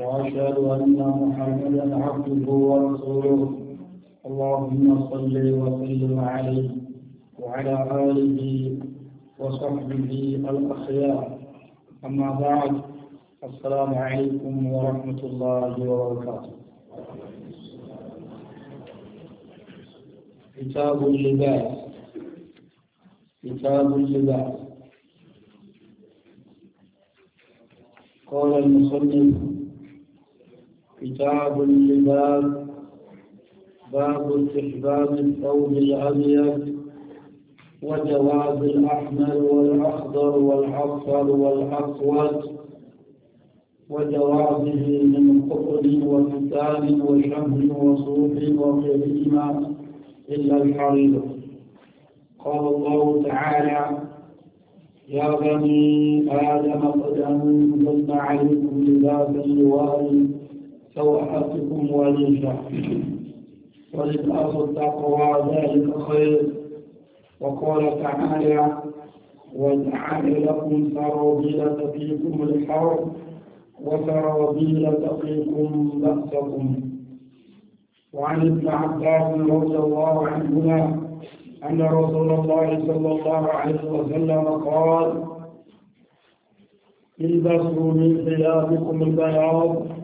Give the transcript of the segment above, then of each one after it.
وأشهد أن محمدا عبده ورسوله اللهم صل وسلم عليه وعلى آله وصحبه الأخيار أما بعد السلام عليكم ورحمة الله وبركاته كتاب اللباس كتاب اللباس قال المصنف كتاب اللباس باب استحباب الثوب الابيض وجواب الاحمر والاخضر والاصفر والاسود وجوابه من قطن وكتاب وشمس وصوف وغيرهما الا الحريض قال الله تعالى يا بني ادم قد انزلنا عليكم لباسا يواري سوحتكم وليفة ولباس التقوى ذلك خير وقال تعالى واجعل لكم سرابيل تقيكم الحرب وسرابيل تقيكم بأسكم وعن ابن عباس رضي الله عنهما أن رسول الله صلى الله عليه وسلم قال البسوا من ثيابكم البياض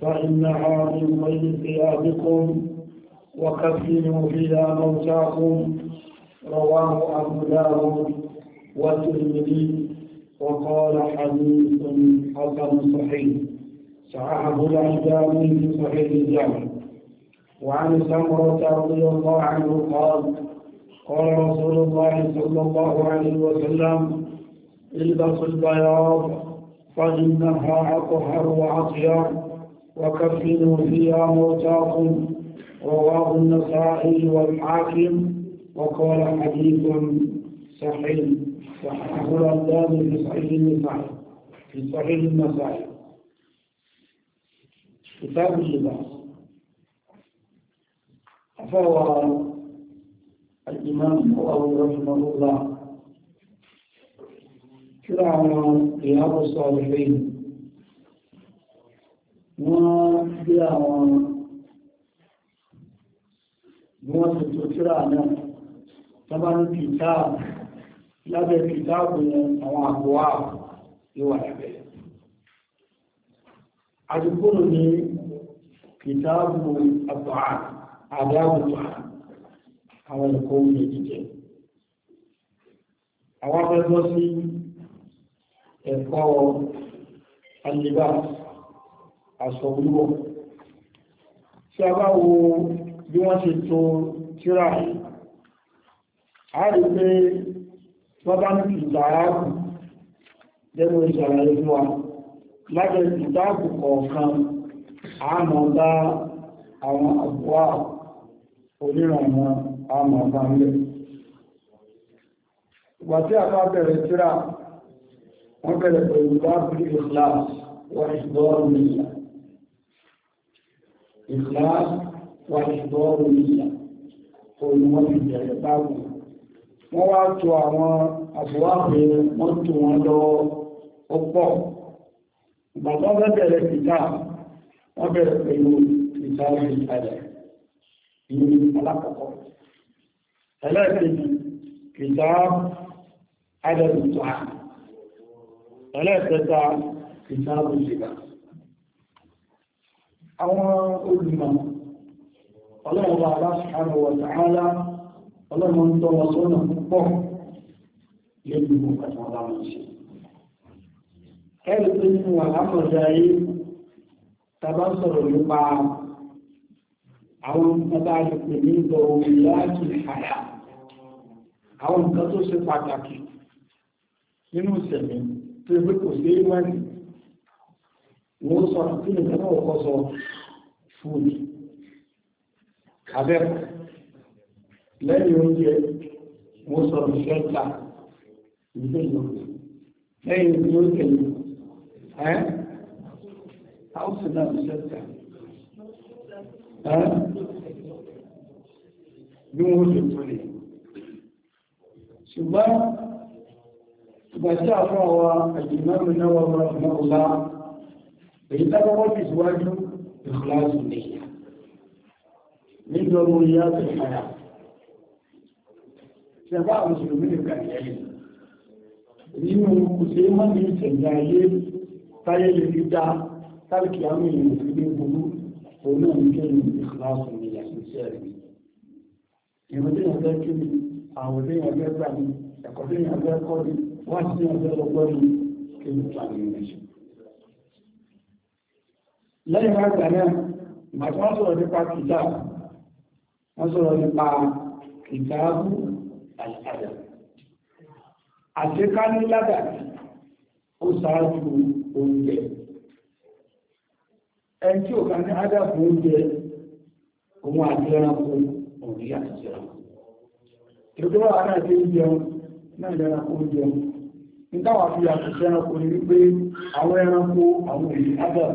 فإنها من خير ثيابكم وكفنوا بها موتاكم رواه أبو داود والترمذي وقال حديث حسن صحيح صححه الألباني في صحيح الجامع وعن سمرة رضي الله عنه قال قال رسول الله صلى الله عليه وسلم البس البياض فإنها أطهر وأطيب وكفنوا فيها موتاكم رواه النسائي والحاكم وقال حديث صحيح صحيح الألباني في صحيح النسائي في صحيح النسائي كتاب اللباس فهو الإمام أبو رحمه الله كلام رياض الصالحين wọ́n gbé àwọn wọ́n tuntun síra náà tọ́bá ní pìtà lábẹ́ pìtà òkùnrin àwọn àbúwà yíwà lábẹ́ àdúgbòrò ní pìtà òkùnrin àbúwà àdáwùtà àwọn ẹ̀kọ́ oúnjẹ jíjẹ àwọn afẹ́gbọ́ sí ẹ̀kọ́ alibas aṣọ olúwọ̀ tí a bá wo bí wọ́n ṣe tó tíra yìí a rí pé wọ́n bá ní ìtààbù lẹ́nu ìṣàlàyé fún wa lábẹ́ ìtààbù kọ̀ọ̀kan àmọ́ bá àwọn àbúwà onírànà àmọ́ bá ń lẹ́ ìgbà tí a bá bẹ̀rẹ̀ tíra wọ́n bẹ̀rẹ̀ pẹ̀lú bá bí ìlàs wọ́n ìgbọ́rùn-ún ìlàs wà ìdọ́rù ìyà òun wọ́n ti bẹ̀rẹ̀ báwù wọ́n wá tó àwọn àbúwáwẹ̀ wọ́n tó wọn lọ ọpọ̀ ìgbà tó fẹ́ bẹ̀rẹ̀ pìtà wọ́n bẹ̀rẹ̀ pẹ̀lú pìtà ìtàlẹ̀ ìlú alákọ̀ọ́kọ́ ẹlẹ́ẹ̀kejì pìtà adẹ́bùtà ẹlẹ́ẹ̀kẹta pìtà bùsìgbà àwọn olùmọ̀ ọlọ́ọ̀wà aláṣàrọ̀ wọ̀tàálá ọlọ́mọ ń tọ́wọ́ sọ́nà púpọ̀ lẹ́nu ọ̀pọ̀ àwọn ṣe ẹ̀rù tó nínú àlámọ̀dá yìí tàbá sọ̀rọ̀ nípa àwọn ọba àgbègbè ní ìbọ̀ omi láti àyà àwọn nǹkan tó ṣe pàtàkì nínú ìṣẹ̀lẹ̀ tó ẹgbẹ́ kò sí wáyé wọ́n sọ̀rọ̀ kí nìkan náà kọ́ sọ̀rọ̀ food abẹ́kù lẹ́yìn oúnjẹ wọ́n sọ ìṣẹ́ta ìgbéyàn lẹ́yìn tí ó tẹ̀lé ẹ́ house náà ìṣẹ́ta ẹ́ bí wọ́n lè tó lè ṣùgbọ́n ìgbàtí àwọn àwọn àjìmọ́ mi náà wọ́n mọ́ èyí tábọ́wọ́ tẹ̀síwájú إخلاص النية من ضروريات الحياة شفاء المسلمين كالعلم nínú kùsẹ̀ mọ́ ìṣẹ̀lẹ̀ ayé táyé lè fi dá tálkì àwọn èèyàn fi ní gbogbo òun náà ní kí ní ìkìláàsù ní ìyàṣẹ́ rẹ̀ ìrìn tí yàtọ̀ kí ni àwọn tí yàtọ̀ gbà ní ẹ̀kọ́ tí yàtọ̀ kọ́ ní wá sí yàtọ̀ lọ́gbọ́n ní kí ní tàbí ìrìnṣẹ́ lẹ́yìn a gbà náà ìgbà wọ́n sọ̀rọ̀ nípa kìtà wọ́n sọ̀rọ̀ nípa àìsàdà ó oúnjẹ tí ò ádàbò oúnjẹ àwọn ẹranko àwọn èyí ádàbò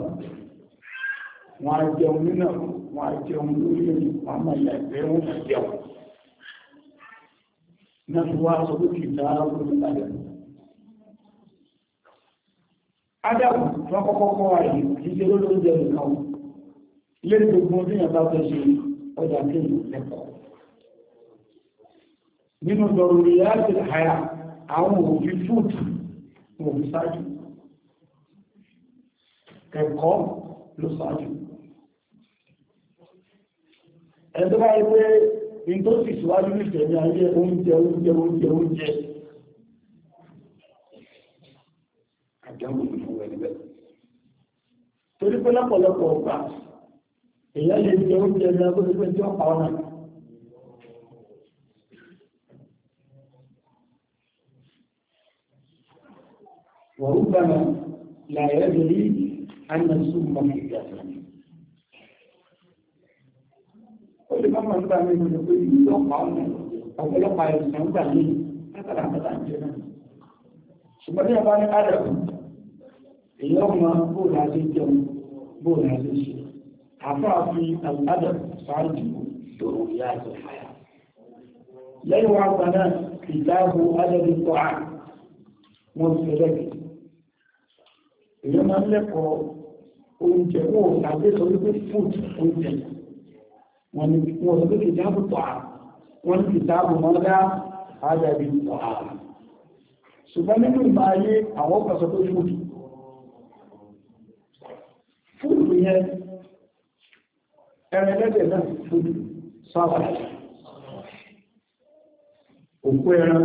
wọ́n á jẹun nínà wọ́n á jẹun lórí ẹ̀yìn wọ́n máa yà ẹ̀fẹ́ wọn á jẹun náà fi wá sọ pé kìí dáa lórí ìlàjẹ̀ Adam tó kọ́kọ́ kọ́ àyè kìí ṣe lórí oúnjẹ nìkan ilé gbogbo ọdún yàtọ̀ fẹ́ ṣe ọjà nínú lọ́rọ̀ rí àyà àwọn òfin fúùtù òfin ṣáájú ẹ̀kọ́ ló ṣáájú ẹ̀tọ́ bá wípé in tó sì síwájú ní ìṣẹ̀mí ayé oúnjẹ oúnjẹ oúnjẹ oúnjẹ àjọmù ìfún ẹgbẹ́ torí pé lọ́pọ̀lọpọ̀ ọgbà èyá lè jẹ oúnjẹ ní agbóso pé tí ọ̀pá ọ̀nà wọ̀rúgbàmọ̀ làyẹ̀ rí àmì súnmọ́ ìgbàsán ó lè má máa ń gbà mí lọ pé ìlú ọ̀pá ọ̀nà ọ̀pọ̀lọpọ̀ àìsàn ń gbà mí látara àbáta ń jẹ náà ṣùgbọ́n tí a bá ní ádàbù èyí ọmọ bóòlù àti jẹun bóòlù àti ṣe àfáà fi àdàbù sáájú tó rí àjọ àyà lẹ́yìn wa gba náà ìdáàbò ádàbù kọ́ à wọ́n ní wọ́n sọ pé kìtàbù tọ́à wọ́n ní kìtàbù mọ́dá àdàbí tọ́à ṣùgbọ́n nínú ìmọ̀ ayé àwọn kan sọ pé fúdù fúdù yẹn ẹran ẹlẹ́dẹ̀ náà fúdù sábà òkú ẹran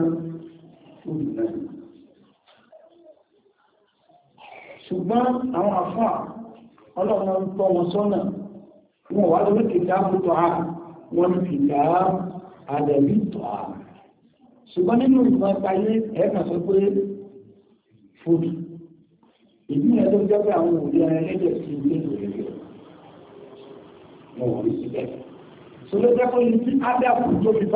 fúdù náà ṣùgbọ́n àwọn àfáà ọlọ́run tọ́ wọn sọ́nà wọn wá lórí kìtàbù tọ́ a wọn kìtàbù àdẹ̀bí tọ́ a ṣùgbọ́n nínú ìgbọ́n táyé ẹ̀ka sọ pé fòdù ìdí ẹ̀ tó jẹ́ pé àwọn òbí ara ẹlẹ́jẹ̀ sí ilé ìrẹ̀lẹ̀ wọn wọ̀ ní síbẹ̀ sọlọ́ jẹ́ pé ní tí ádàpù tó fi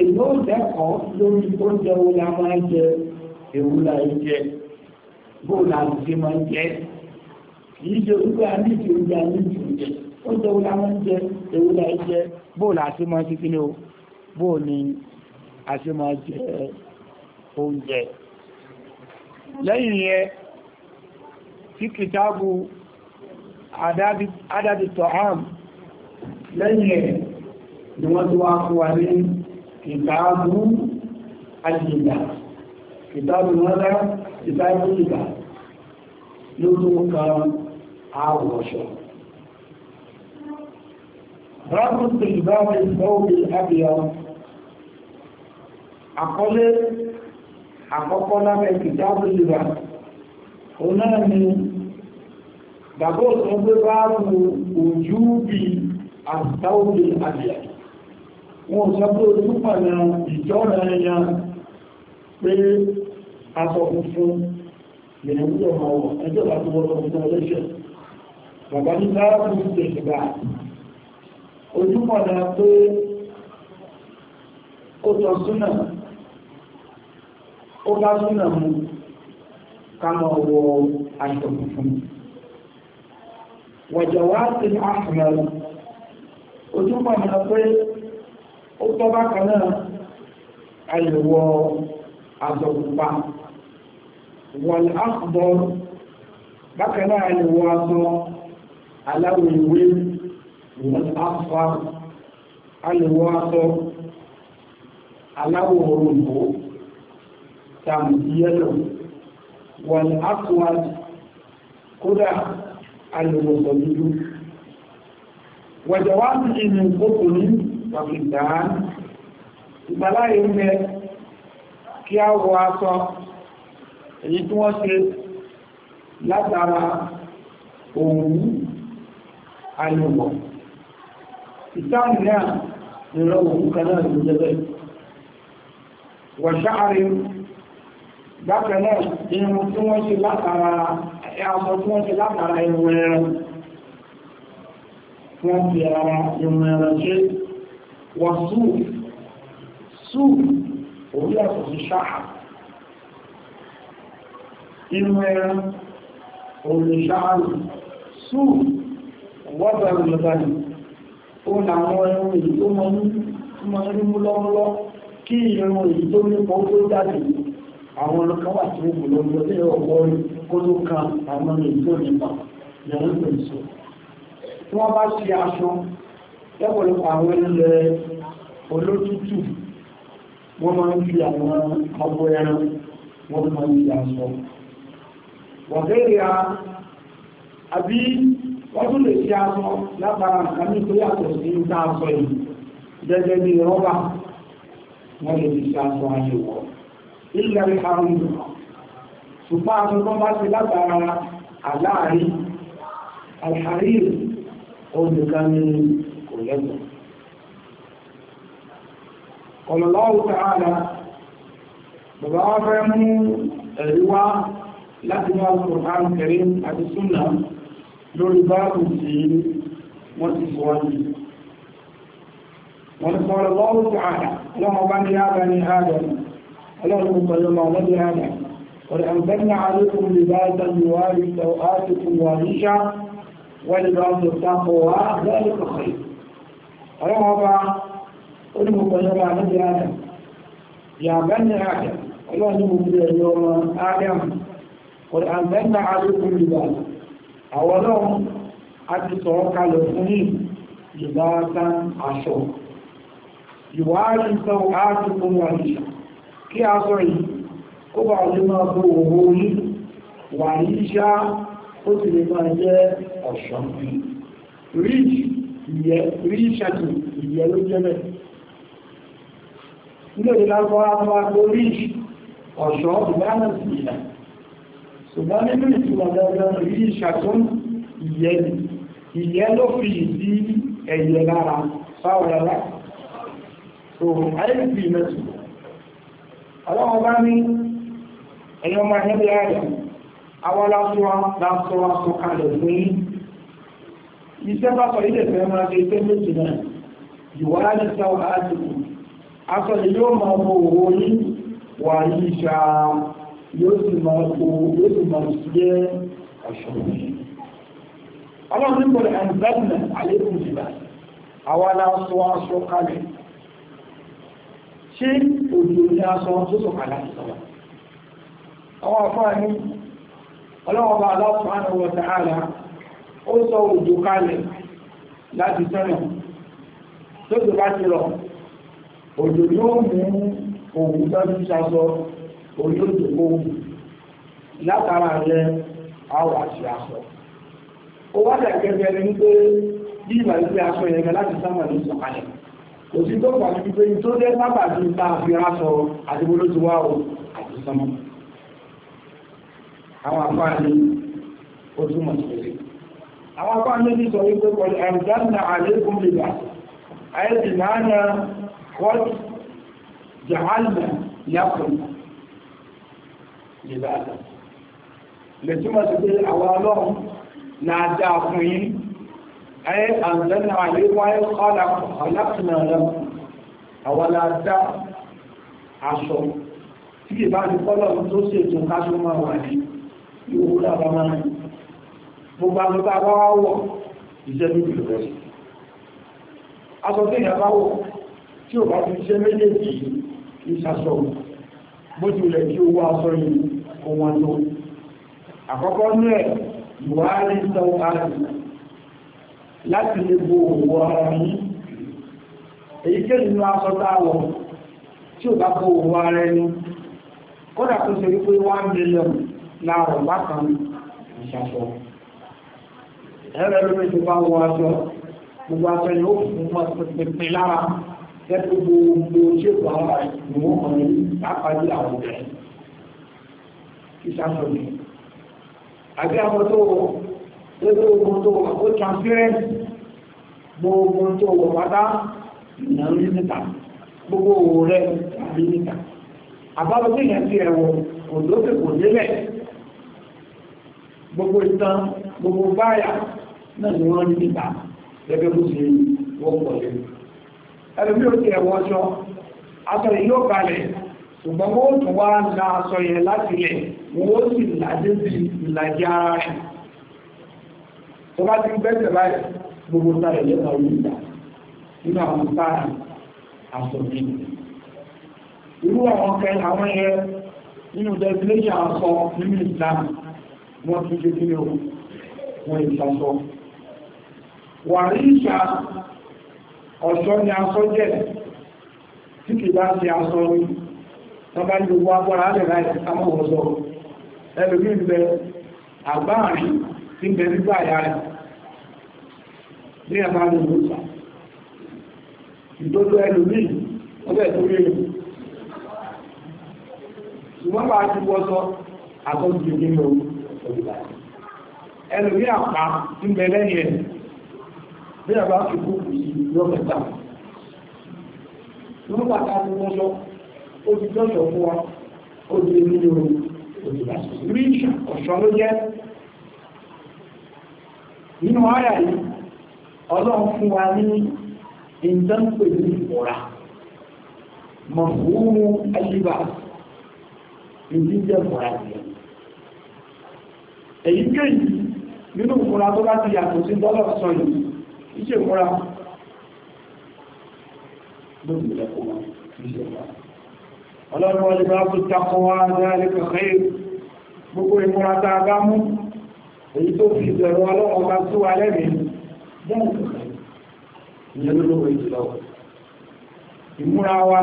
èyí ó dẹ́kọ̀ọ́ lórí oúnjẹ wo la máa jẹ èwo la ń jẹ bó máa ń kìí ṣe orúkọ àníjì oúnjẹ àníjì oúnjẹ ó jẹ wúlá wọn jẹ ewúlá jẹ bóòlù àṣemọ títí ní o bóòlù ni àṣemọ jẹ oúnjẹ lẹ́yìn yẹn tí kìtàbù adábi tọ̀hám lẹ́yìn ẹ̀ ni wọ́n tó wá fún wa ní kìtàbù alìyà kìtàbù mọ́lá kìtàbù ìgbà ló tó kan àwọ̀ṣọ́. Rákùtù ìbáwọ̀ ìfọ́wọ̀ ìhábíyà àkọlé àkọ́kọ́ lábẹ́ ìjábò ìrà òun náà ni bàbá òsàn pé bá rú ojú bí àtàwòdì àjẹ́ wọn sọ pé ojú pàdà ìjọ́ra ẹ̀yà pé aṣọ funfun lè ń jọ ọmọ ẹjọ́ àti wọ́n bàbá ní láàbù ìjẹ̀gbà ojúmọ̀dá pé ó tọ́ súnà ó bá súnà mú kama wọ aṣọ funfun wàjọ̀wá ti àfihàn ojúmọ̀dá pé ó tọ́ bákan náà àyẹ̀wọ̀ aṣọ pupa wọ̀n áfùbọ̀ bákan náà àyẹ̀wọ̀ aṣọ aláwọ̀ ewé ìwọ̀n afa alẹ́wọ́ atọ́ aláwọ̀ òrùnbó tàbí yẹ́lò wọ̀n afuwad kódà alẹ́wọ̀ sọ̀dúdú wọ̀jọ̀wá sí inú kókòrí pakistan ìgbàláyé ń bẹ kí a wọ aṣọ èyí tí wọ́n ṣe látara òun àìmọ̀ ìsáàmì náà ìrọ̀ òkú kan náà ló jẹ́bẹ̀ wọ̀ṣáàrí bákan náà irun tí wọ́n ṣe látara aṣọ tí wọ́n ṣe látara irun ẹran sí wọ́bẹ̀ olùbàdì ó na àwọn ẹrùn èyí tó mọ́ ní mọ́ ní mú lọ́wọ́lọ́ kí ìrìn èyí tó ní kó tó jáde àwọn ọlọ́kan wà tí ó kò lọ́wọ́ lé ọwọ́ kó tó kan àwọn èyí tó nípa lẹ́yìn pẹ̀lú tí wọ́n bá ṣe aṣọ lẹ́pọ̀lọpọ̀ àwọn ilẹ̀ olótútù wọ́n máa ń fi àwọn ọgbọ ẹran wọ́n wọ̀gẹ́rẹ̀ àbí wọ́n tún lè ṣe aṣọ lábára nǹkan ní torí àtọ̀ sí ń dá aṣọ yìí gẹ́gẹ́ bí rọ́bà wọ́n lè fi ṣe aṣọ ayé wọ̀ ilẹ̀ ìkarùn ún ṣùgbọ́n aṣọ tó bá ṣe lábára àláàrí àlàárí olùkan ní kò lẹ́gbọ̀n ọ̀lọ́lọ́wọ́ tààlà bàbá wọ́n fẹ́ mú ẹ̀rí wá láti wá al àti Sunnah lórí báàbù tí wọ́n ti sọ wọ́n yìí wọ́n ti sọ̀rọ̀ lọ́wọ́ tó àdá ọlọ́mọ bá ní àdá ní àdá ọlọ́run pẹ̀lú ọmọ ọmọdé àdá ọ̀rẹ́ àǹbẹ́ni àlékún lè bá ẹ̀dá ìwárí tẹ̀wọ́ àtìkù wà níṣà wọ́n lè bá ọmọ ìtàkọ̀ wá bẹ́ẹ̀ kọ̀ọ̀kọ̀ ọlọ́mọ bá ó ní àwọn náà a ti sọ kalẹ̀ fún yìí ìbátan aṣọ ìwáàrí sọ áàtì fún wà ní kí a sọ yìí kó bá lè máa bó owó yìí wà ní iṣá ó sì lè máa jẹ́ ọ̀ṣọ́ ríṣì ìyẹ́ ló jẹ́ ríṣì ọ̀ṣọ́ ìlànà sí ìlànà ṣùgbọ́n nínú ìtumọ̀ dandan èyí ìṣàtún ìyẹ́ ni ìyẹ́ ló fi ìdí ẹ̀yẹ lára fáwọ̀lá so àìsí mẹ́tù ọlọ́wọ́ bá ní ẹ̀yọ́ máa ní bí ààrẹ àwọn lásọ́wọ́ sọ́kàlẹ̀ fún iṣẹ́ bá sọ ilẹ̀ fẹ́ máa yóò sì máa kó yóò sì máa jẹ́ ọ̀ṣọ́ ọlọ́run nígbọ̀dọ̀ ẹ̀ǹdẹ́gbẹ̀ àlékún ìgbà àwa la sọ aṣọ kalẹ̀ ṣé òjò ní aṣọ tó sọ kalẹ̀ sọ̀rọ̀ àwọn afọ́ra ní ọlọ́run bá aláṣọ àwọn ọ̀tàhálà ó sọ òjò kalẹ̀ láti sẹ́nà tó sì bá ti rọ̀ òjò yóò mú òun tó ti ṣaṣọ olóòdòkó látara rẹ̀ àwọn àti aṣọ ó wá dà gẹ́gẹ́ ní pé bí ìwà ìgbé aṣọ yẹn gẹ láti sámà ní sọ̀kalẹ̀ kò sí tó pàdé wípé tó jẹ́ sábà ti ta àfihàn aṣọ àti bolóti wá o àti sámà àwọn àfáàní ó túmọ̀ sí pé àwọn àfáàní ti sọ wípé pẹ̀lú ẹ̀rùdánà àlékún lè gbà ayé ìlà àdá lè túnmọ̀ sí pé àwọn ọlọ́run náà dá fún yín ayé àǹdánà àléwáyé ọlápùnà rẹ̀ àwọn láàdá aṣọ tí ìbá ní kọ́lọ̀run tó ṣètò káṣọ máa wà ní ìwò lábá máa ní gbogbo àwọn tó bá wá wọ̀ iṣẹ́ ní ìlú rẹ̀ aṣọ tí ìyá bá wọ̀ tí ò bá fi iṣẹ́ méjèèjì ìṣàṣọ bójú rẹ̀ kí kó wọ́n tó àkọ́kọ́ ní ẹ̀ buhari sọ́wọ́ àti láti lè bo òwò ara yìí èyí tẹ́ nínú aṣọ táwọ̀ tí ò bá bo òwò ara ẹni kódà tó ṣe wípé one million láàrọ̀ bákan ìṣàṣọ ẹ̀rọ ẹ̀rọ tó bá wọ aṣọ gbogbo aṣọ ni ó fún wọn pínpín lára tẹ́tù gbogbo ṣètò àwọn ìwọ̀n kan ní pápájú àwọn obìnrin ìṣàṣọ̀lẹ̀ àbí àwọn tó wọ lórí ogun tó wọ ó transparent mọ ogun tó wọ pátá ìyàn rí níta gbogbo owó rẹ tàbí níta àbábọ̀ tó yẹn ti ẹ̀wọ̀ òdókè kò délẹ̀ gbogbo ìtàn gbogbo báyà náà ni wọ́n rí níta gẹ́gẹ́ bó ṣe wọ́pọ̀ lẹ́nu ẹlòmí ò ti ẹ̀wọ̀ ọjọ́ aṣọ yìí yóò balẹ̀ ṣùgbọ́n ó tún wá ń da aṣọ yẹn láti lẹ̀ wọ́n sì làdé sí ìlàjì ara rẹ̀ tó bá ti gbẹ́sẹ̀ báyìí gbogbo sáré ọ̀ṣọ́ ni aṣọ jẹ́ tí kìí bá ṣe aṣọ rí tọ́bá ní gbogbo agbára alẹ́ láì sámọ́ ọ̀ṣọ́ ẹlòmí ìbẹ̀ àgbáàrin tí bẹ nígbà àyà rẹ̀ ní ẹ̀mà ní ìlúta ìtọ́jú ẹlòmí ọbẹ̀ tó rí rẹ̀ ṣùgbọ́n bá ti wọ́sọ àtọ́jú ìgbìmọ̀ òwúrọ̀ ẹlòmí àpá tí bẹ lẹ́yìn ẹ̀ rí ìṣà ọ̀ṣọ́ ló jẹ́ nínú ara yìí ọlọ́run fún wa ní ìdánpè ní ìmọ̀ra mọ̀fúnmú ayíba ìdíjẹ́ ìmọ̀ra rẹ̀ èyí kéyìí nínú ìmọ̀ra tó bá ti yàtọ̀ sí dọ́lọ̀ sọ yìí iṣẹ́ ìmọ̀ra lóòrùn ẹ̀kọ́ ìṣẹ́ ìmọ̀ra ọlọ́run ọlọ́run takọwa dáríkà kẹ́yìn gbogbo ìmúra tá a bá mú èyí tó fi ìbẹ̀rù ọlọ́run bá tó wa lẹ́rìn ìyẹn ló lówó ìjìlọ ìmúra wa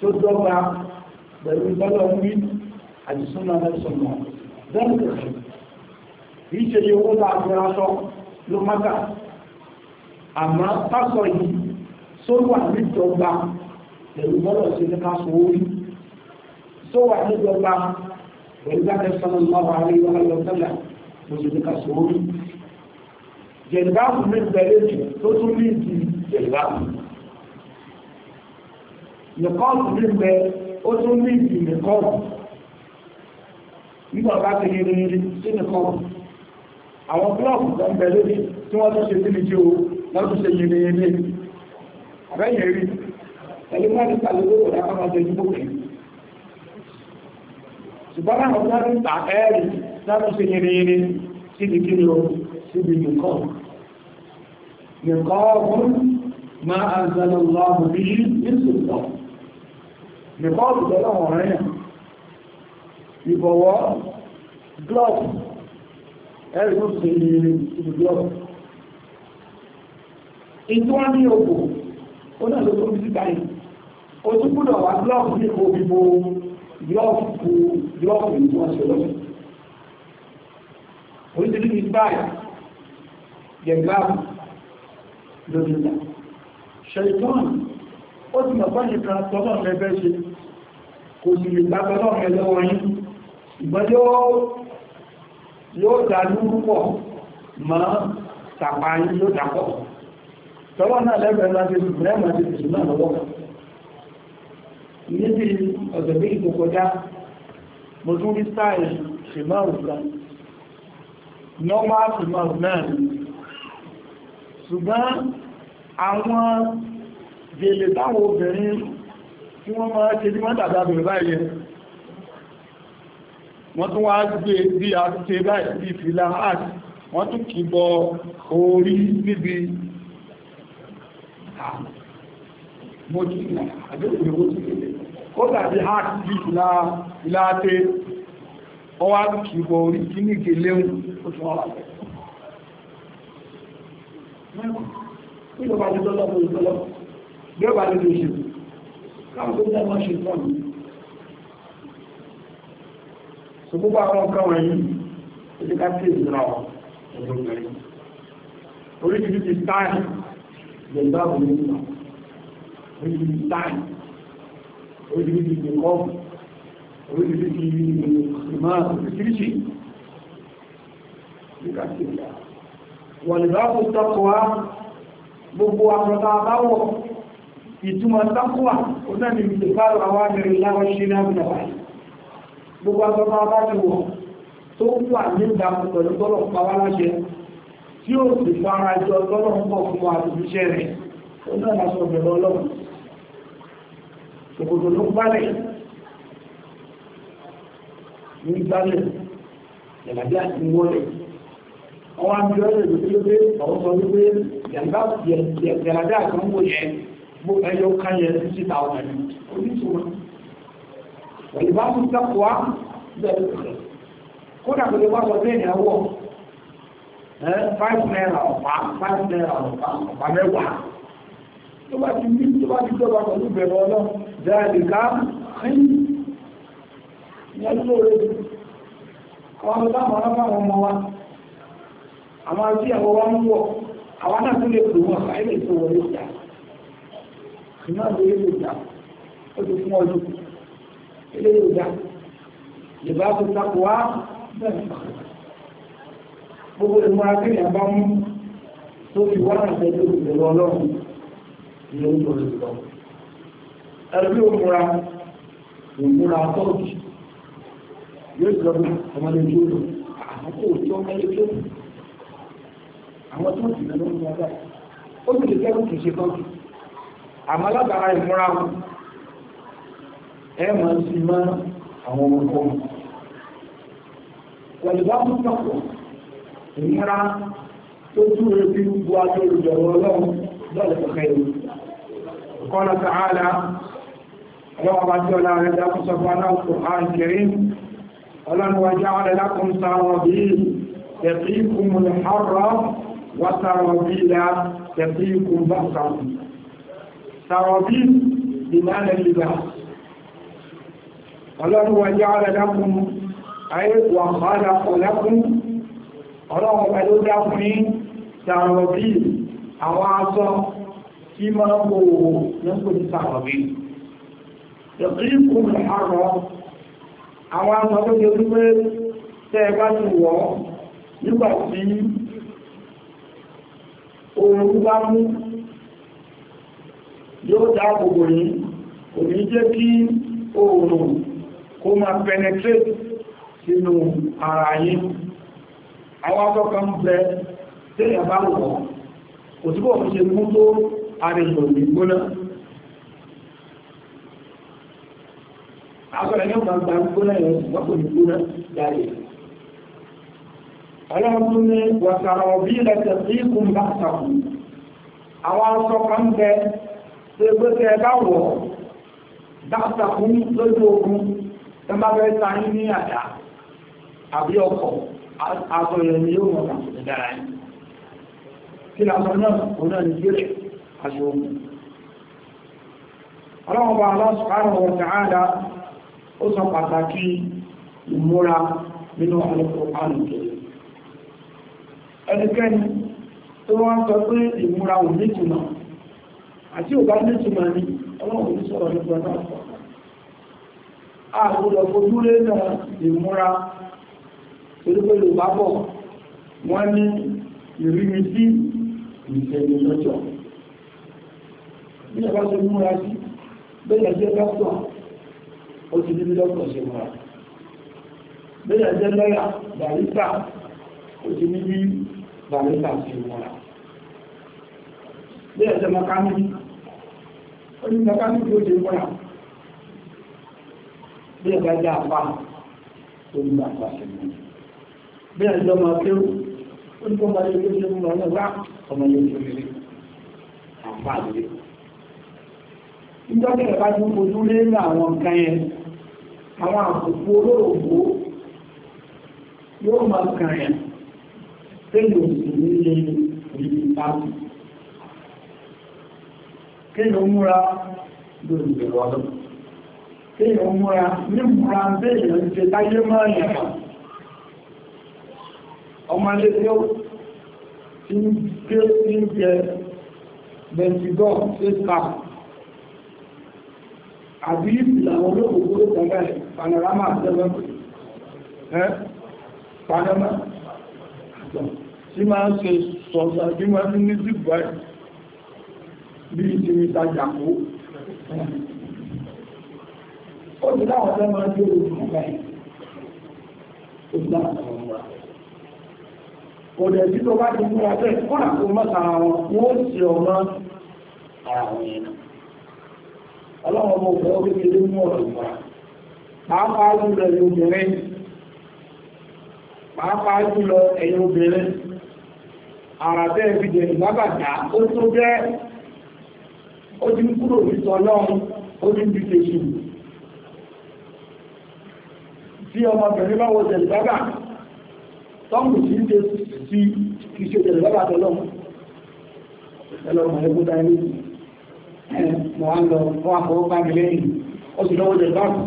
tó dọ́gba pẹ̀lú ìbọ́lọ̀ wí àdìsúnà lẹ́sọ̀nà dáríkà kẹ́yìn kìí ṣe pẹ̀lú bọ́lọ̀ sí ní ká sọ orí tó wà ní ìjọba pẹ̀lú dákẹ́ sọ́nà lọ́wọ́ àríwá ayọ̀tẹ́là mo sì ní ká sọ orí jẹ̀dìbáàmù ní bẹ̀rẹ̀ jù tó tún ní ìdí jẹ̀dìbáàmù nìkọ́ọ̀mù ní bẹ ó tún ní ìdí nìkọ́ọ̀mù nígbà bá ti yẹ ní sí nìkọ́ọ̀mù àwọn búlọ́ọ̀kù tó ń bẹ lórí tí wọ́n tún ṣe sí ní jí o ṣe yẹ ní pẹ̀lú mọ́tò pàlú owó kò dákọ́ máa dojú bókè. ṣùgbọ́n àwọn tó ń ta ẹ́ẹ̀rì láti ṣe yẹrẹyẹrẹ síbi kí lọ síbi nìkan. nìkan ọ̀gbọ́n máa àzàlọ̀ lọ àbòbí ní sùpọ̀. nìkan ọ̀gbọ́n náà wọ̀n ìbọ̀wọ́ glove ẹ̀rì tó ṣe yẹrẹ síbi glove. ìtọ́ni òkò ó náà ló bí o tún gbúdọ̀ wá glove ní omi bo glove kú glove ní wọ́n ṣe lọ́wọ́ oríṣiríṣi ní báyìí yẹ glove lórí ìlà ṣẹ̀tọ́n ó ti mọ̀ fọ́nì kan tọ́lọ́ mẹ́fẹ́ ṣe kò sì lè gbá tọ́lọ́ mẹ́ lọ́wọ́ yín ìgbọ́n yóò dá lúrúpọ̀ mọ́ tàpá yóò dàpọ̀ tọ́lọ́ náà lẹ́gbẹ̀ẹ́ láti ṣùgbọ́n ìníbi ọ̀sẹ̀ méjì tó kọjá mo tún rí stáì ṣèmáàrù kan normal ṣèmáàrù náà ṣùgbọ́n àwọn gèlè táwọn obìnrin tí wọ́n máa ṣe bí wọ́n dàdà bẹ̀rẹ̀ báyìí wọ́n tún wá gbé bí a ṣe báyìí bí fìlà art wọ́n tún kìbọ̀ orí níbi mojina àdéhùn mojina ó dàbí áàkì ìlàáté ọwá kìbọ̀ orí kí ní gẹ̀lẹ́un ó tún wọ́n Ìjọba ti tọ́lọ́pọ̀ ìtọ́lọ́pọ̀. Bí ó bá lè lè ṣe, káàkiri tó jẹ́ wọ́n ṣe tọ́lù. Ṣùgbọ́n àwọn ọkọ̀ wọ̀nyí, ìdíká tí ìdíra wọn, ọdún mẹ́rin. Orí ti ti táàkì, ìjọba òun ní oríṣiríṣi táì oríṣiríṣi ìdíkọ́ oríṣiríṣi ìmọ̀ oríṣiríṣi nígbà tí ó yà wọ̀n lè bá kó tọ́kọ̀ wá gbogbo àpọ̀ta àbáwọ̀ ìtumọ̀ tọ́kọ̀wà ó náà ní ìdíkọ́ àwọn àmìrin láwọn ṣe náà gbogbo àpọ̀ta àbáwọ̀ tó wà ní ìdàmú pẹ̀lú tọ́lọ̀ pàwà láṣẹ tí ó sì fara jọ tọ́lọ̀ ń pọ̀ fún wa ṣòkòtò ló gbálẹ̀ ní gbálẹ̀ ìlàbí àti wọlé ọwọ́ àbí ọ̀rẹ́ ìlúgbé ọ̀rọ̀ sọ wípé ìyàgbé àtọ́wò yẹ bó ẹyọ káyẹ sí tàwọn ẹni onítùmọ̀ bá tún tẹ́kọ̀ọ́ tó bá ti tó bá pẹ̀lú bẹ̀rẹ̀ ọlọ́run ذلك خير يلو àwọn táwọn arábáwọn ọmọ wa àwọn àti àwọn wa ń wọ̀ àwọn náà tún lè pè wọ́n àìlè tó wọlé ìjà ìmọ̀ àgbèrè lè jà ó ti fún ọdún ilé yóò já ìbá tó takò wá bẹ́ẹ̀ gbogbo ìmúra tí ìyá bá mú tó fi wá àtẹ́jú ìbẹ̀rù ọlọ́run ìlú tó lè lọ́wọ́ ẹgbẹ́ òmúra òmúra tọ́ọ̀kì yóò sọ bí ọmọdé tó lò àwọn kò tí ọmọdé tó lò àwọn tó ti lọ ní ọjà ó sì lè kẹ́kọ̀ọ́ kì í ṣe tọ́ọ̀kì àmọ́ látara ìmúra wọn ẹ máa ń sin mọ́ àwọn ọmọ ọkọ wọn pẹ̀lú bá tún ìmúra tó túre bí gbogbo adé olùdọ̀wọ́ ọlọ́run lọ́lẹ̀ kọ̀kẹ́ yìí kọ́lá sàálà ọlọ́wọ́ bá tí ọlá rẹ̀ dákún sọ fún aláwọ̀ àìkẹrin ọlọ́nuwa já ọlẹ́ lákún sáwọ̀ bí tẹ̀fí kùnmù ọ̀rọ̀ wọ́sàwọ̀ bí la tẹ̀fí kùn ayé wà kọ́lá ọlẹ́kún ọlọ́wọ́ pẹ̀lú dákún ní sàwọ̀ àwọn aṣọ tí máa ń bò ní kò ní sàwọ̀ yọ̀kíkùn àrọ̀ àwọn asọ́gbẹ́gbẹ́ wípé tẹ́ bá ti wọ̀ nígbàtí oòrùn bá mú yóò dáàbòbò yìí kò ní jẹ́ kí oòrùn kó máa penetrate sínú ara yìí àwọn akọ́kọ́ ń bẹ tẹ́yà bá wọ̀ kò túbọ̀ fi ṣe mú tó àrẹ̀lò ìgbóná agbára ní ọmọ àgbà gbóná yẹn wọ́n kò ní gbóná jáde. ọlọ́run tún ní wàtàrà òbí lẹ́sẹ̀ sí ikú bá sàkùn àwọn aṣọ kan bẹ tó ẹgbẹ́ tẹ bá wọ̀ bá sàkùn lójú ogun tó bá fẹ́ ta yín ní àdá àbí ọkọ̀ aṣọ yẹn ni yóò mọ̀ sàkùn dára yín. kí ni aṣọ náà òun náà ní gbére aṣọ ogun. ọlọ́run bá aláṣọ àrùn ọ̀tẹ̀ àdá ó sọ pàtàkì ìmúra nínú Al-Qur'an ẹnikẹ́ni tó wá ń sọ pé ìmúra ò nítumọ̀ àti ò bá nítumọ̀ ni ọlọ́run ní sọ̀rọ̀ nípa náà àgbọ̀dọ̀ fojúlé náà ìmúra torí pé ló bá bọ̀ wọ́n ní ìrímisí ìṣẹ̀lẹ̀ lọ́jọ́ bí ẹ̀bá ṣe múra sí bẹ́ẹ̀ jẹ́ dọ́kítọ̀ ó ti níbi lọ́pọ̀ ṣe wà bẹ́ẹ̀ jẹ́ lọ́yà bàríkà ó ti níbi bàríkà ṣe wà bẹ́ẹ̀ jẹ́ makamí ó ní makamí tó ṣe wà bẹ́ẹ̀ bá jẹ́ àpá tó ní àpá ṣe wà bẹ́ẹ̀ jẹ́ ọmọ akéwù ó bá yẹ kó tún fojú lé àwọn nǹkan yẹn àwọn àkókò olóògbò yóò máa kàrẹ̀ tẹ́lẹ̀ òsì nílé ìlú ìpáàkì kéèyàn múra lórí ìbẹ̀rù ọdún kéèyàn múra ní múra bẹ́ẹ̀ lọ jẹ láyé máa yàtọ̀ ọmọ ilé tí ó ti ń gbé sí ń jẹ àbí ìlànà olóògbò tó panorama àtẹ́lẹ́ ẹ́ panorama tí máa ń ṣe sọ̀sà tí máa ń ní bí i ti mìta jàkó ó ti ma tẹ́ máa jẹ́ òṣìṣẹ́ ó ti láwọn tẹ́ tí ti ara mú pàápàá jùlọ ẹ̀yin obìnrin pàápàá jùlọ ẹ̀yin obìnrin ara bẹ́ẹ̀ fi dẹ̀ ìgbàgbàdà ó tó jẹ́ ó ti ń kúrò nítọ́ náà ó ti ń fi tèṣù tí ọmọbìnrin lọ́wọ́ jẹ̀lẹ̀gbàgbà tọ́mù sí ń tẹ́ sí kìíṣe jẹ̀lẹ̀gbàgbà tọ́lọ́mù ẹlọ́mọ̀ ẹgbẹ́ta ilé ẹ̀ mọ̀ á lọ fún àfọwọ́gbàmì lẹ́yìn ó sì lọ́wọ́ jẹ báàkù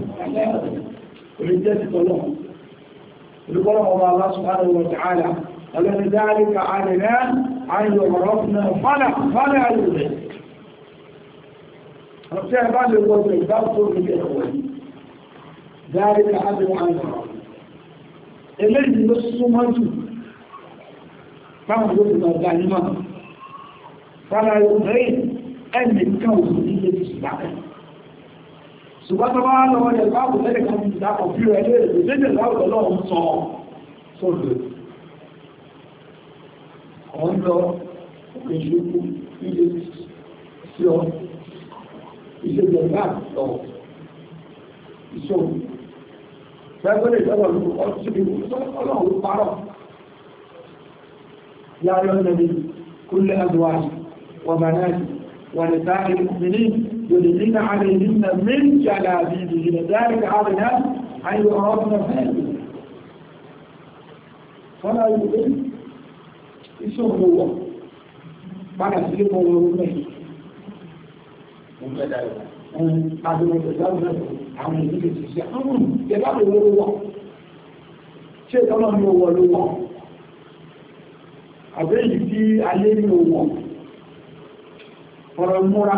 orí jẹ́ ti tọ́lọ́ olùkọ́lọ́ ọba aláṣùmáà wọn tààlà ọlọ́ni dáríkà àrẹ̀rẹ́ ayọ̀ ọ̀rọ̀kùnà fánà fánà ayọ̀ rẹ̀ ọ̀tẹ́ ẹ̀bá lè gbọ́dọ̀ ìbáwọ̀ tó rí ẹ̀wọ̀ yìí dáríkà àrẹ̀rẹ́ ayọ̀ rẹ̀ eléyìí ló súnmọ́ jù táwọn olóògùn ọ̀gá yìí mọ̀ fánà ayọ̀ rẹ̀ ẹnìkan òsì nílé ti sùgbà ṣùgbọ́n tó bá lọ́wọ́ yẹ báàbù tẹ́lẹ̀ kan ti dákọ̀ bí rẹ̀ lè rẹ̀ lẹ́jẹ̀ láwùjọ náà ń sọ sódò ọ̀n lọ ìṣòkú ilé sí ọ ìṣèjọ náà lọ ìṣòkú pẹ́gbẹ́lẹ̀ ìjọba olùkọ́ sí ibi ọlọ́run parọ́ yáyọ́ nẹ́ni kúlẹ̀ àdúrà wọ̀bànáàdì wọ̀nìtàrí mìíràn يدلين عليهن من جلابيبه لذلك علينا أن يعرفن فيه فلا يقول اسمه هو بعد سلمه ورمه بعد ما تزوج عمل يجي تسيح أمم يبقى هو ṣé tọ́lọ́ ní owó ló wọ́n àbẹ́yìí tí ayé ní owó ọ̀rọ̀ múra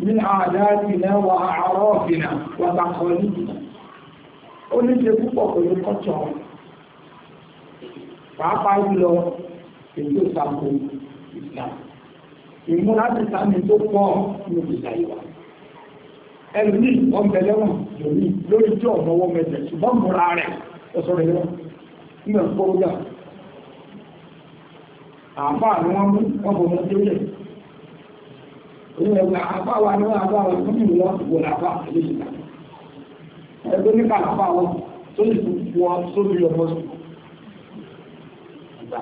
من عاداتنا وأعرافنا وتقاليدنا ó ní ṣe púpọ̀ pẹ̀lú kọ́tọ̀ pàápàá jùlọ èyí ò sàkó Islam ìmúra ti sàmì tó pọ̀ ní ìgbà ìwà ẹlòmí ọ̀bẹ̀lẹ́wọ̀n lòmí lórí tí ọ̀nà ọwọ́ mẹ́jẹ̀ ṣùgbọ́n múra rẹ̀ ọ̀sọ̀ rẹ̀ lọ nígbà tó gbà àbá ni wọ́n mú wọ́n bọ̀ mọ́ tó yẹ̀ ìyẹn ẹgbẹ́ nípa làpá wọn tó lè fún wọn sóbi ọmọ ìgbà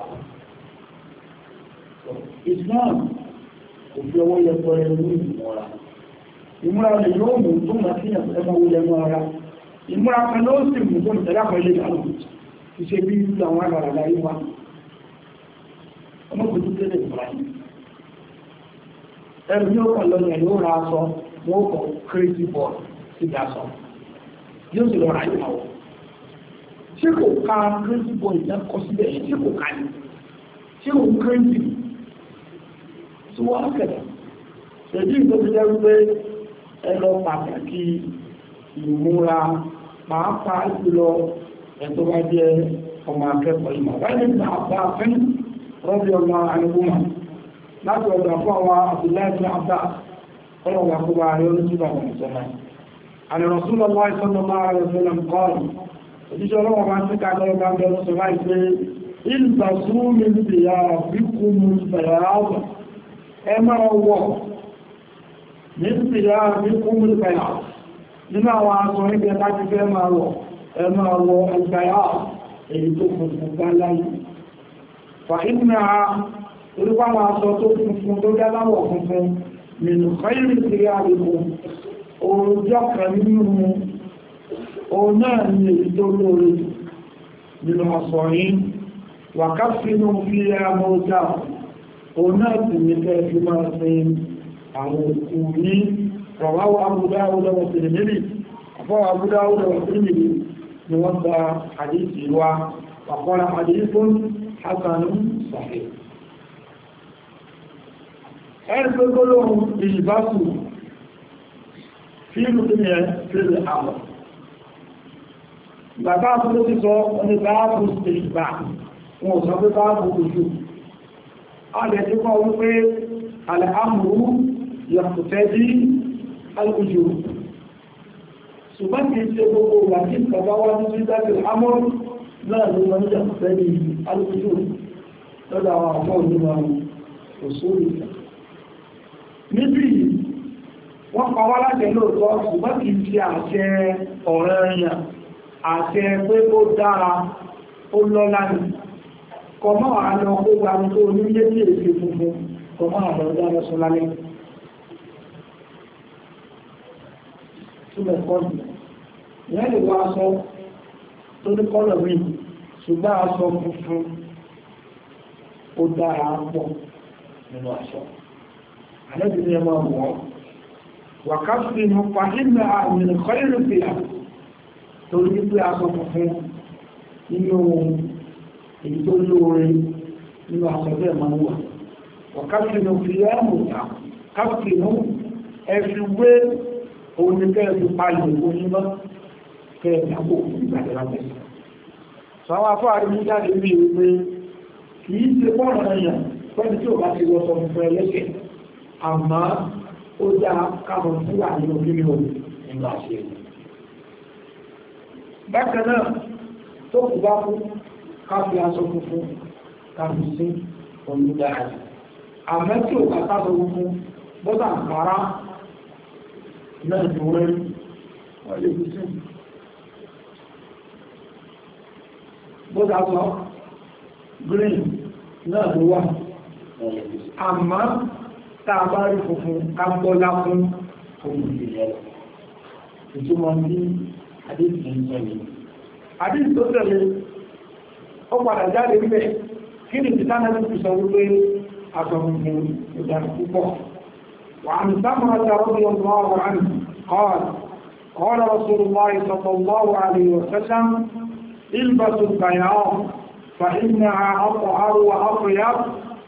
Islam kò fi ọwọ́ yẹ pọ̀ ẹni ìmúra rẹ̀ yóò mú tó mọ̀ sí ẹmọ owó lẹ́nu ara ìmúra kan ló sì mú tó nìtẹ́lá ẹrù ní ọkọ̀ lọ́nà ẹ̀lú ó ra wọ́n kọ̀ crazy boy sí dasọ yóò sì lọ ra yìí àwọ̀ ṣé kò ka crazy boy náà kọ síbẹ̀ yẹn ṣé kò ka ni ṣé kò crazy tí wọ́n kẹ̀lẹ̀ ṣèjì ìgbésẹ̀ wípé ẹ lọ pàtàkì ìmúra pàápàá jùlọ ẹ̀tọ́ bá jẹ́ ọmọ akẹ́kọ̀ọ́ ìmọ̀ wáyé ní àbá fẹ́ rọ́bì ọmọ àníwòmọ̀ láti ọ̀dọ̀ fún àwọn Abdullahi bin Abbas ọlọ́wà kó bá ayọ́ lójú bàbá ìjọba àlè Rasulullah sallallahu alaihi wasallam qala òjíṣẹ́ ọlọ́wà bá ń tí ká lọ́wọ́ bá ń bẹ̀rẹ̀ sọ láì pé ìlbàsú mi ń bè ya bí kú mu bẹ̀rẹ̀ àwọ̀ ẹ máa wọ̀ ní ń bè orúkọ máa sọ tó funfun tó dá láwọ̀ funfun nínú fẹ́yìn sí àríkò òòjọ́ kan nínú òun náà ní èyí tó lóore nínú ọ̀sọ̀ yìí wàkásínú fi ẹmọ ọjà òun náà sì ní fẹ́ fi máa sin àwọn òkú ní rọ̀wáwọ̀ abúdá ọlọ́wọ̀ tìrìmìlì àfọwọ́ abúdá ọlọ́wọ̀ tìrìmìlì ni wọ́n gba àdéhìí wa wàkọ́ra àdéhìí fún hasanun sahih ẹ̀rì gbogbo lóhun ìṣìbásù fíìlù tí ni ẹ̀ fíìlù àmọ̀ bàbá àbúrò ti sọ ọdún báàbù ìṣìbá wọn ò sọ pé báàbù ojú alẹ́ tí wọ́n wípé alẹ́hàmùrú yàtùtẹ́ bí alùjù ṣùgbọ́n kì í ṣe gbogbo wà ní bàbá wá ní sídájú àmọ́rú náà ló wọ́n yàtùtẹ́ bí alùjù lọ́dọ̀ àwọn àmọ́ òní wọn kò sórí ìtàn níbi wọ́n pa wá láti lóòtọ́ ṣùgbọ́n kì í ṣe àṣẹ ọ̀rẹ́ ẹ̀yàn àṣẹ pé ó dára ó lọ́lá ní kọmọ́ àlọ́ kó gba tó onílé ní èdè funfun kọmọ́ àlọ́ dára sọ lálẹ́ túnbẹ̀ kọ́ọ̀dù ìyẹn lè wá aṣọ tó ní kọ́lọ̀ rí ṣùgbọ́n aṣọ àlẹ́bí ni ẹ máa wọ̀ wàkásí mú fàhínà àmìnà kọ́lẹ̀rù sí à torí wípé aṣọ funfun nínú èyí tó lóore nínú aṣọ bẹ́ẹ̀ máa wà wàkásí mú fi ẹ́mù ta kásí mú ẹfi wé òní kẹ́ẹ̀fì palẹ̀ onímọ̀ kẹ́ẹ̀fì àpò ìgbàdìlá bẹ́ẹ̀ sọ́wọ́ afọ́ àrímú jáde bí i pé kìí ṣe bọ́ọ̀rọ̀ ẹ̀yàn pẹ́ni tí ò bá ti wọ́ sọ fún ẹlẹ́kẹ̀ẹ́ àmọ́ ó dá kábọ̀ fúlà ní òkèlè òní nígbà ṣe bákan náà tó kù bá kú káfí aṣọ funfun káfí sí pẹ̀lú dáadáa àmọ́ tí ò bá káfí funfun bọ́tà kára náà ni wọ́n rí wọ́n lè fi sí bọ́tà sọ green náà ló wà àmọ́ tá a bá rí funfun ká gbọ́lá fún òun ìrìnlẹ̀ lọ. ìtumọ̀ ní àdéhùn ìṣẹ̀lẹ̀. àdéhùn tó tẹ̀lé ó padà jáde níbẹ̀ kí ni ìtànà tó fi sọ wípé aṣọ funfun ìdàrú púpọ̀. وعن سمرة رضي الله عنه قال قال رسول الله صلى الله عليه وسلم البسوا البياض فإنها أطهر وأطيب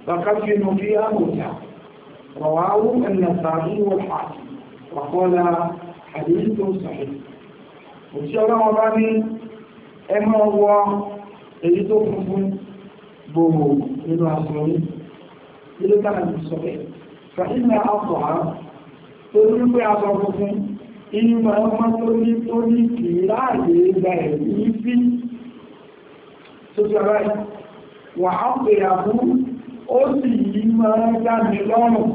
فكفنوا فيها موتاكم رواه النسائي والحاكم وقال حديث صحيح òṣìṣẹ́ ọlọ́wọ́ bá ní ẹmọ́ wọ èyí tó funfun gbòòrò nínú aṣọ yìí ilé tánà ti sọ pé fàílẹ̀ àpò àá tó ní pé aṣọ funfun inú máa ń máa tó ní tó ní kì í láàyè gba ẹ̀mí sí tó ti rẹ̀ wà á pè àbú ó sì yí máa ń dá mi lọ́rùn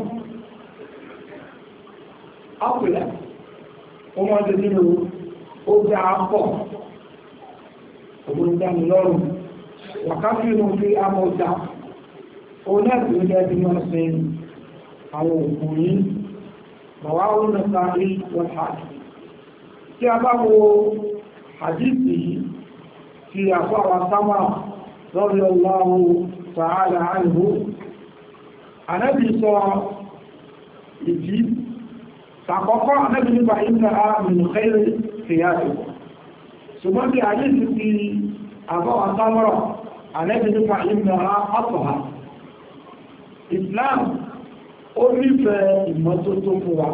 ápùlẹ̀ wọ́n máa ti nínú afọ dá pọ̀ òun dáni lọ́rùn wàkàtí inú fi amọ̀ náà ti ń dẹ́bi máa ṣe àwọn òkú yìí bàwá ó nà a bá wo àdìsí yìí ti àfọ́ àwọn sámà sọ sàkọ́kọ́ anẹ́bìnipa ìta àmìnìkẹ́rì fìyàtìkọ̀ ṣùgbọ́n bí ayé ti fi àbọ̀wà sámọ́rọ̀ anẹ́bìnipa ìta àpọ̀há Islam ó nífẹ̀ẹ́ ìmọ́tótó fún wa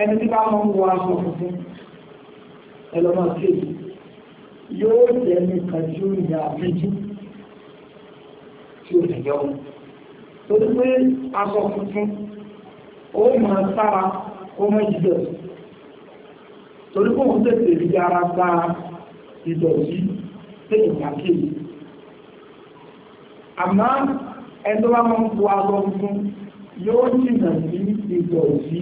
ẹni tí bá mọ́ mú wa sọ funfun ẹlọ́mọ kéèkì yóò jẹ́ nìkan tí ó yà méjì tí ó tẹ̀yọ́ ó máa sára ó máa jìdọ̀ torí kó ń tètè rí ara gba ìdọ̀tí tẹ́yìn pàkíyì àmọ́ ẹni wá máa ń bu aṣọ fún yóò jìnà sí ìdọ̀tí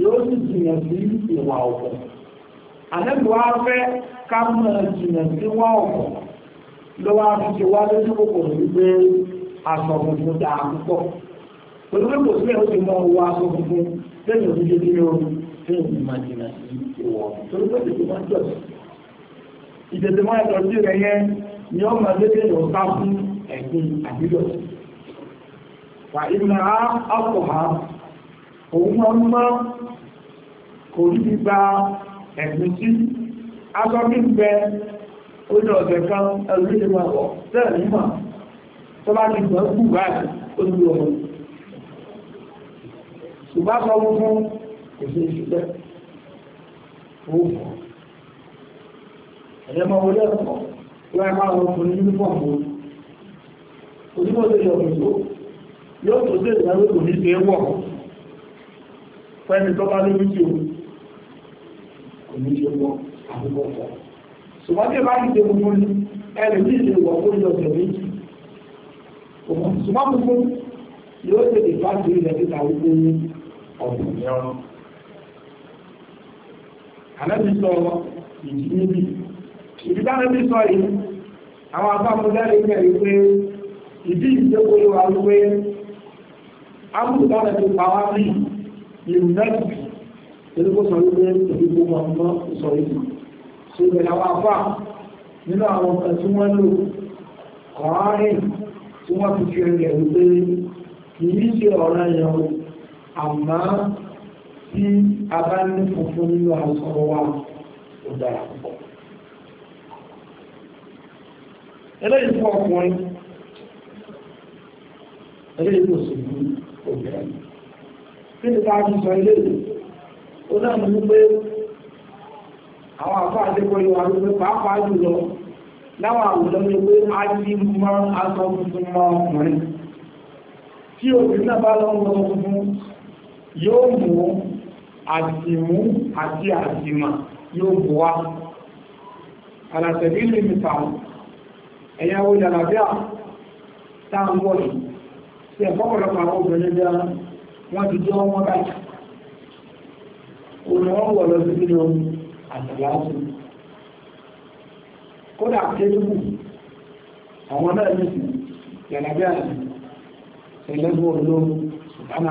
yóò sì jìnà sí ìwà ọ̀pọ̀ àlẹ́bùwá fẹ́ ká máa jìnà sí wá ọ̀pọ̀ ló wá fi ṣe wá lójú kòkòrò wípé aṣọ funfun dáa púpọ̀ pẹ̀lú sílẹ̀ ó ti mọ owó aṣọ funfun lẹ́yìn òfin jẹ́jú ní ọdún lẹ́yìn òfin máa jìnà sí ìwọ̀ torí pé tètè máa jọ̀ ìtètè máa jọ sí rẹ̀ yẹn ni ó máa lédè yọ̀ bá fún ẹ̀gbin àbílọ̀ wà ìmọ̀ á ọkọ̀ ha òun máa ń mọ́ kò ní ti gba ẹ̀gbin sí aṣọ bí ń bẹ ó ọ̀sẹ̀ kan ẹlòmíì máa wọ̀ tẹ́ẹ̀ nímọ̀ tó bá ti gbọ́n kú ó ti lọ́wọ́ ṣùgbọ́n sọ fún kò sí ìṣúgbẹ́ ó fọ́ ẹ̀yẹ́ máa wọlé ẹ̀kọ́ wọ́n ẹ̀ máa wọ ọkùnrin yúnífọ̀mù onímọ̀ tó yọ òṣèlú yóò tó sí ìdáwó kò ní ṣe wọ̀ fẹ́ni tó bá lórí o kò ní ṣe wọ àbúkọ̀ ṣùgbọ́n tí bá ń ṣe gbogbo ní ẹni tí ìṣe wọ̀ fún ìyọ̀sẹ̀ méjì ṣùgbọ́n gbogbo yóò ṣe ìfásitì ilẹ̀ títà wípé ọ̀gbìn àwọn afáfúnlẹ́rí mẹ́rin pé ìdí ìjẹ́kòó wa wípé ábùdánẹ́ ti pa wá bí ìrùnẹ́tì Elúkó sọ wípé ìdíkó máa mọ́ sọ ìlú. Ṣé ìbẹ̀rẹ̀ àwọn afá nínú àwọn ọ̀pẹ tí tí wọ́n fi fi rẹ̀ wípé kìí àmọ́ tí a bá ní funfun nínú aṣọ wa ó dára púpọ̀ eléyìí fún ọkùnrin eléyìí kò sì ní obìnrin kí ni ká fi sọ eléyìí ó náà ní wípé àwọn àfáà àdékọ́ yìí wà wípé pàápàá jùlọ láwọn àwùjọ ní pé a ti mọ aṣọ funfun mọ ọkùnrin tí obìnrin náà bá lọ́wọ́ funfun yóò mú àtìmú àti àtìmà yóò mú wá mi tàà ẹ̀yà wo yìí tí ẹ̀kọ́ pọ̀lọpọ̀ obìnrin jẹ́ wọ́n ti jẹ́ wọ́n báyìí òun wọ́n wọ̀ lọ sí nínú àtàlásù kódà kéjúkù àwọn náà ní ló sùpánà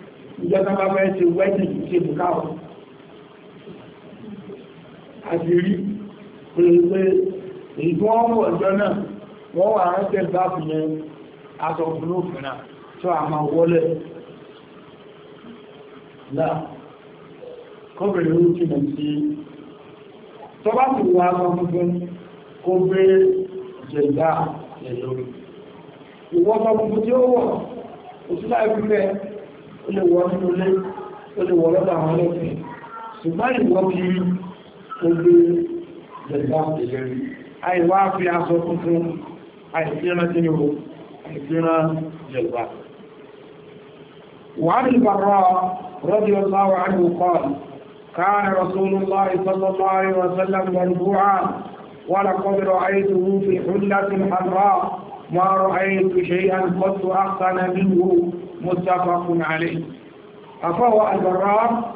ìjọ tó bá fẹ́ ṣe wẹ́dì ṣe bùkáwọ̀ àti rí pèlèpé èyí tí wọ́n wọ̀ ọjọ́ náà wọ́n wà ń tẹ́ bá fi yẹn aṣọ fún òfin náà tó a máa wọlé náà kọ́bẹ̀rẹ̀ ó kí mọ̀ sí tó bá ti wọ aṣọ funfun kó gbé jẹ̀dá ẹ̀lórí ìwọ́n sọ funfun tí ó wọ̀ òṣìlá ìpínlẹ̀ lè wọ nínú ilé ó lè wọ lọ́dọ̀ àwọn ọlọ́pìn ṣùgbọ́n ìwọ kí ó gbé jẹ̀dá ìlérí àìwá fi aṣọ tuntun àìsíran tí ni ó àìsíran jẹ̀dá وعن البراء رضي الله عنه قال كان رسول الله صلى الله عليه وسلم مربوعا ولقد رأيته في حلة حمراء ما رأيت شيئا قد أحسن منه متفق عليه أفوى البراء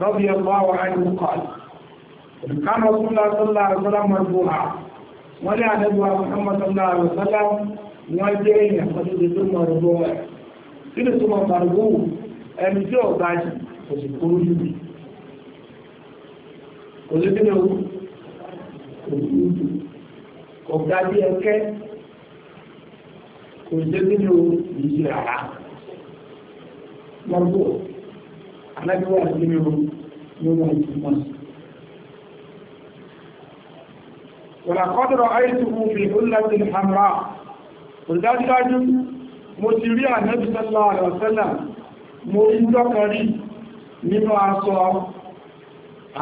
رضي الله عنه قال كان رسول الله صلى الله عليه وسلم مرفوعا ولا ندوى محمد صلى الله عليه وسلم وجينا قد ثم مرفوعا إذا ثم مرفوع أمجو باجي وسيكون يبي وسيكون يبي kò dájú ẹkẹ kò jẹ́ nínú ìṣẹ́ àrà mọ́gbọ́ alágbèwà nínú nínú ìtumọ̀. Wàlàkọ́dọ̀rọ̀ àìsùkú fi ìlúlàtí hamra, olùdájúdájú, mo ti rí ànábì sallallahu alaihi wasallam, mo ń lọ́kọrí nínú aṣọ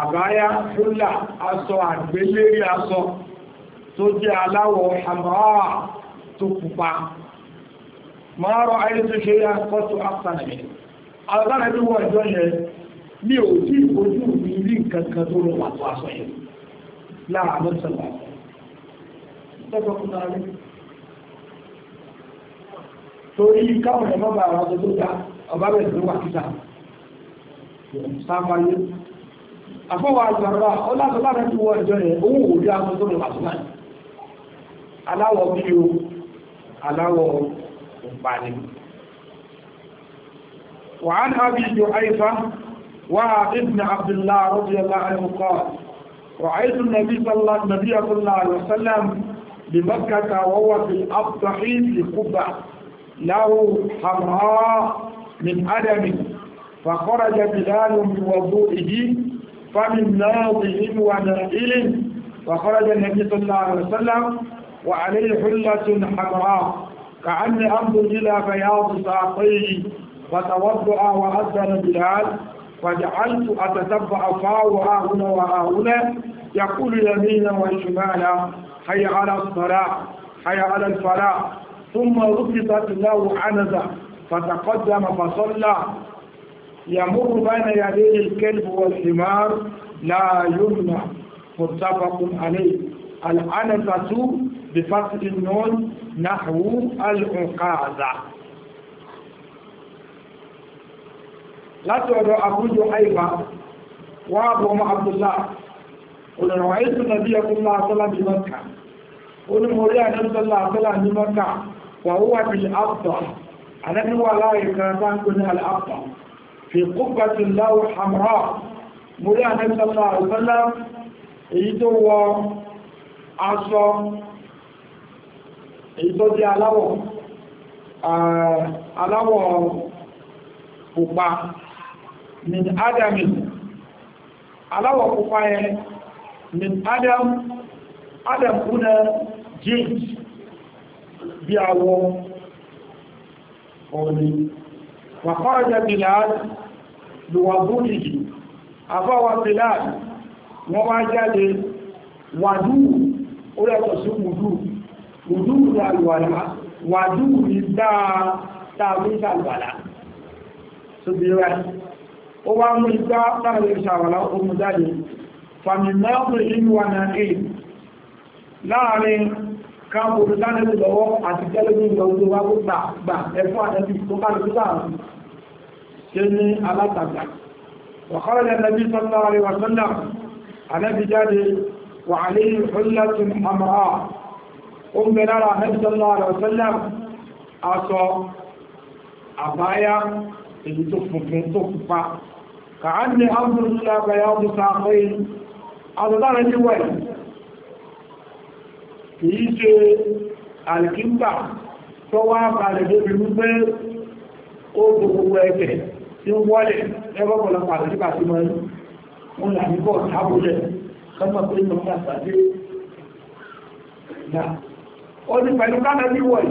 àbáyá húlà aṣọ àgbélérí aṣọ tó jẹ́ aláwọ̀ hamra tó pupa. Máa alára ẹni wọ ẹjọ́ yẹn ní òtí ìfojú mi rí nǹkan tó lọ pàtó aṣọ yẹn lára mọ́sánlá torí káwọn ẹ̀mọ́ bá ara tó tó dá ọba bẹ̀rẹ̀ ló wà kíta sáfáyé àfọwọ́ àgbàrá ọlọ́sọ̀lá rẹ̀ ti wọ ẹjọ́ yẹn owó òwúrí aṣọ tó lọ pàtó láì aláwọ̀ bí o aláwọ̀ òpàlẹ̀ وعن أبي جحيفة وعن ابن عبد الله رضي الله عنه قال رأيت النبي صلى الله النبي صلى الله عليه وسلم بمكة وهو في الأبطح في قبة له حمراء من أدم فخرج بلال من وضوئه فمن ناضح ونائل فخرج النبي صلى الله عليه وسلم وعليه حلة حمراء كأني أنظر إلى بياض ساقيه وتوضأ وأذن بلال وجعلت أتتبع فاو هنا وها هنا يقول يمينا وشمالا حي على الصلاة حي على الفلاة ثم ربطت له عنزة فتقدم فصلى يمر بين يديه الكلب والحمار لا يمنع متفق عليه العنزة بفصل النون نحو العقاذة láti ọ̀dọ̀ àbújọ àìbá wọ́n àbọ̀ ọmọ abdullá olùrànwà ètò nàbí ẹkùnlá àtọ́lá ní mọ́ká onímọ̀rí àdẹ́sọ́lá àtọ́lá ní mọ́ká wà ó wà ní àpọ̀ àdẹ́sọ́wà láàyè kan sáńkó ní àpọ̀ fi kúgbà tí láwọ̀ hamra mọ̀rí àdẹ́sọ́lá àtọ́lá èyí tó wọ pupa min adamin aláwọ̀ pupa yẹn min adam adam kuna james bí àwọ̀ ọ̀rẹ́ wàkọ́rọ̀jẹ́ bilal lùwàbúrìjì àbáwà bilal wọ́n wá jáde wàdú orí ẹ̀kọ̀ sí wùdú wùdú àlùwàlá wàdú ní dáa tàbí àlùwàlá tó bí rẹ̀ ó wá mú igbá láàrin ìṣàwàlá ohun jáde fàmìmọ́ọ̀pù ìwà náà èyí láàrin káàkù tó dánẹ́lú lọ́wọ́ àti tẹ́lẹ́gbẹ́ ìlọ́wọ́ wá kó gbà gbà ẹ̀fọ́ àtẹ́bí tó bá lọ́wọ́ láàrin ṣe ní alátàgbà wàkọ́rẹ̀ lẹ́bí sallallahu alaihi wa sallam àlẹ́bí jáde èyí tó funfun tó pupa kàá ní abúrúlá gbáyà ọdún sáàpẹ́ àtọ́dára ní wẹ̀ kìí ṣe alìkíńbà tó wá balẹ̀ débi wípé ó gbogbo ẹgbẹ̀ tí ń wọ́lẹ̀ lẹ́gbọ́gbọ̀lọ́ pàdé nípa sí mọ́ wọn là ní bọ́ọ̀ tábúlẹ̀ sọ́mọ́ pé ní ọmọ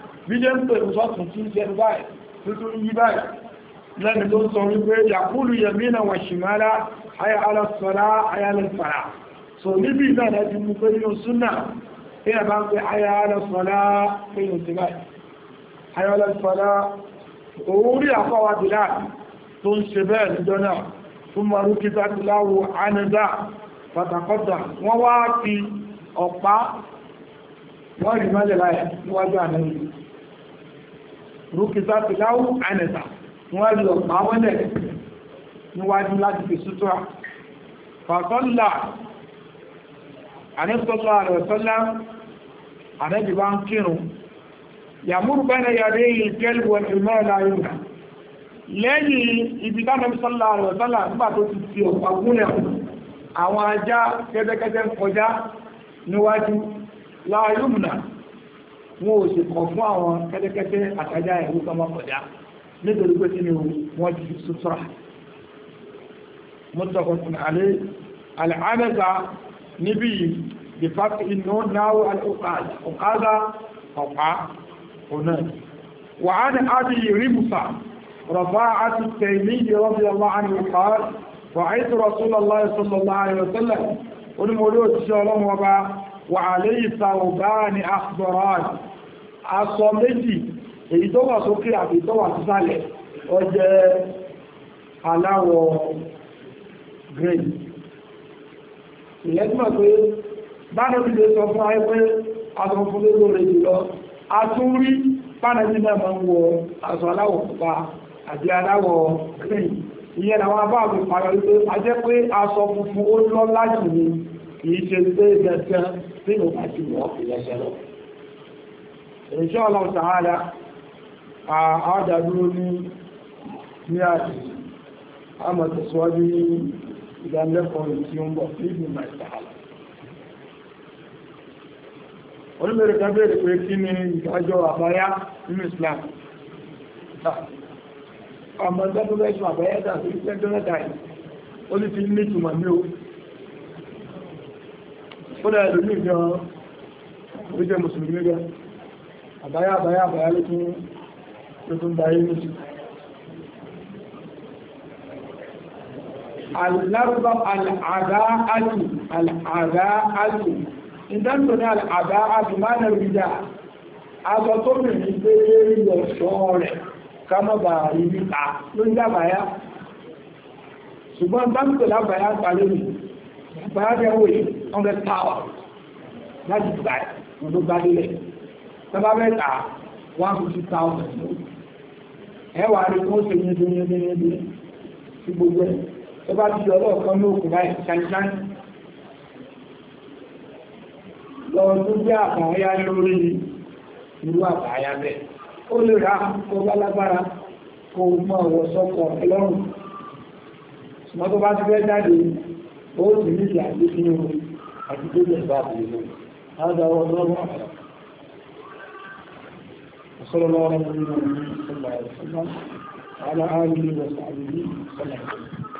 bí jẹ́ ń pè sọ́tún tí jẹ́ báyìí tuntun yí báyìí lẹ́nu tó sọ wípé yàkúlù yẹmínà wà ṣìmára ayà alásọ́lá ayà lẹ́fàrà so níbi náà láti mú pé nínú súnà ìyà tó ń ṣe bẹ́ẹ̀ níjọ́ náà fún marúkí láti láwọ ánìdá pàtàkọ́dà wọ́n wá fi ọ̀pá wọ́n rí mẹ́lẹ̀ láyà níwájú àná rúkìsá ti láwú ànẹ̀ta wọ́n lọ pàwọ́lẹ̀ níwájú láti fi sútúra fàtọ́lá àníṣọ́lá àrẹ̀sọ́lá àrẹ́bì bá ń kírun yàmúrù bẹ́rẹ̀ yàrí ìkẹ́lùwẹ̀ ìmẹ́ẹ̀lá yorùbá lẹ́yìn ibi dánàmísọ́lá àrẹ̀sọ́lá nígbà tó ti fi ọ̀pá gúnlẹ̀ àwọn ajá kẹ́tẹ́kẹ́tẹ́ kọjá wọn ò ṣe kọ̀ fún àwọn kẹ́tẹ́kẹ́tẹ́ àtajá ẹ̀rú kọmọ kọjá nítorí pé sínú wọn ti sutura mutafakun alẹ́ al'adẹ́ta níbi the fact inú náwó al'ukaza ọ̀pá ọ̀nà wà á ní àti ríbùsà rọ̀bá àti tẹ̀lé ìrọ́bí ọlá àni ọ̀pàá wà á ìtù rọ̀súlọ́lá ìsọ́lọ́lá wà aléyìí sàrùbáàní àkùbọ̀rán aṣọ méjì èyí tó wà sókè àti tó wà sísàlẹ̀ ó jẹ́ aláwọ̀ green ìyẹ́tùmọ̀ pé bánàbí lè sọ fún ayé pé aṣọ fún lórí rẹ̀ jùlọ a tún rí bánàbí náà máa ń wọ aṣọ aláwọ̀ pupa àti aláwọ̀ green ìyẹn kìí ṣe pé dandan tí mo bá ti wọ́n fi lẹ́sẹ̀ lọ. Insha Allah ta'ala àádàdúró ní ní àti àmọ̀tẹ̀síwájú ní ìdánilẹ́kọ̀ọ́ tí ó ń bọ̀ níbi ìmọ̀ onímẹ̀rẹ̀ kan bèèrè pé kí ni ìdájọ́ àbáyá nínú Islam ah, ọmọ ìdájọ́ àbáyá dà sí ìjẹ́jọ́ mẹ́ta ẹ̀ ó ní ti ní ìtumọ̀ ní o kódà ẹlòmí gan ó jẹ́ mùsùlùmí gan àbáyá àbáyá àbáyá ló tún ló tún báyé méjì alárúbá al'adáàtù al'adáàtù ìdájọ́ ní al'adáàtù máa nà rídà aṣọ tó mìírí pé yọ ṣọ́ rẹ̀ ká mọ́ bà rí níta ló ń dábàáyá ṣùgbọ́n dáńtò lábàáyá parí mi bá rẹ̀ wòye hundred thousand láti gbà wọn ló gbá délẹ̀ sábà bẹ́ẹ̀ ta one fifty thousand ẹ wà rí kó ṣe yẹn yẹn yẹn yẹn sí gbogbo ẹ tó bá ti ọlọ́ọ̀ kan ní òkú báyìí ṣáìṣáì lọ tó jẹ́ àbáyá lórí irú àbáyá bẹ́ẹ̀ ó lè ra kó bá lágbára kó mọ ọ̀wọ́ sọ́kọ̀ ẹlọ́run ṣùgbọ́n tó bá ti fẹ́ jáde ó sì ní ìyàgbé sínú orin الدنيا الباطل هذا هو الله أعلم وصلى الله على نبينا محمد صلى الله عليه وسلم وعلى آله وصحبه وسلم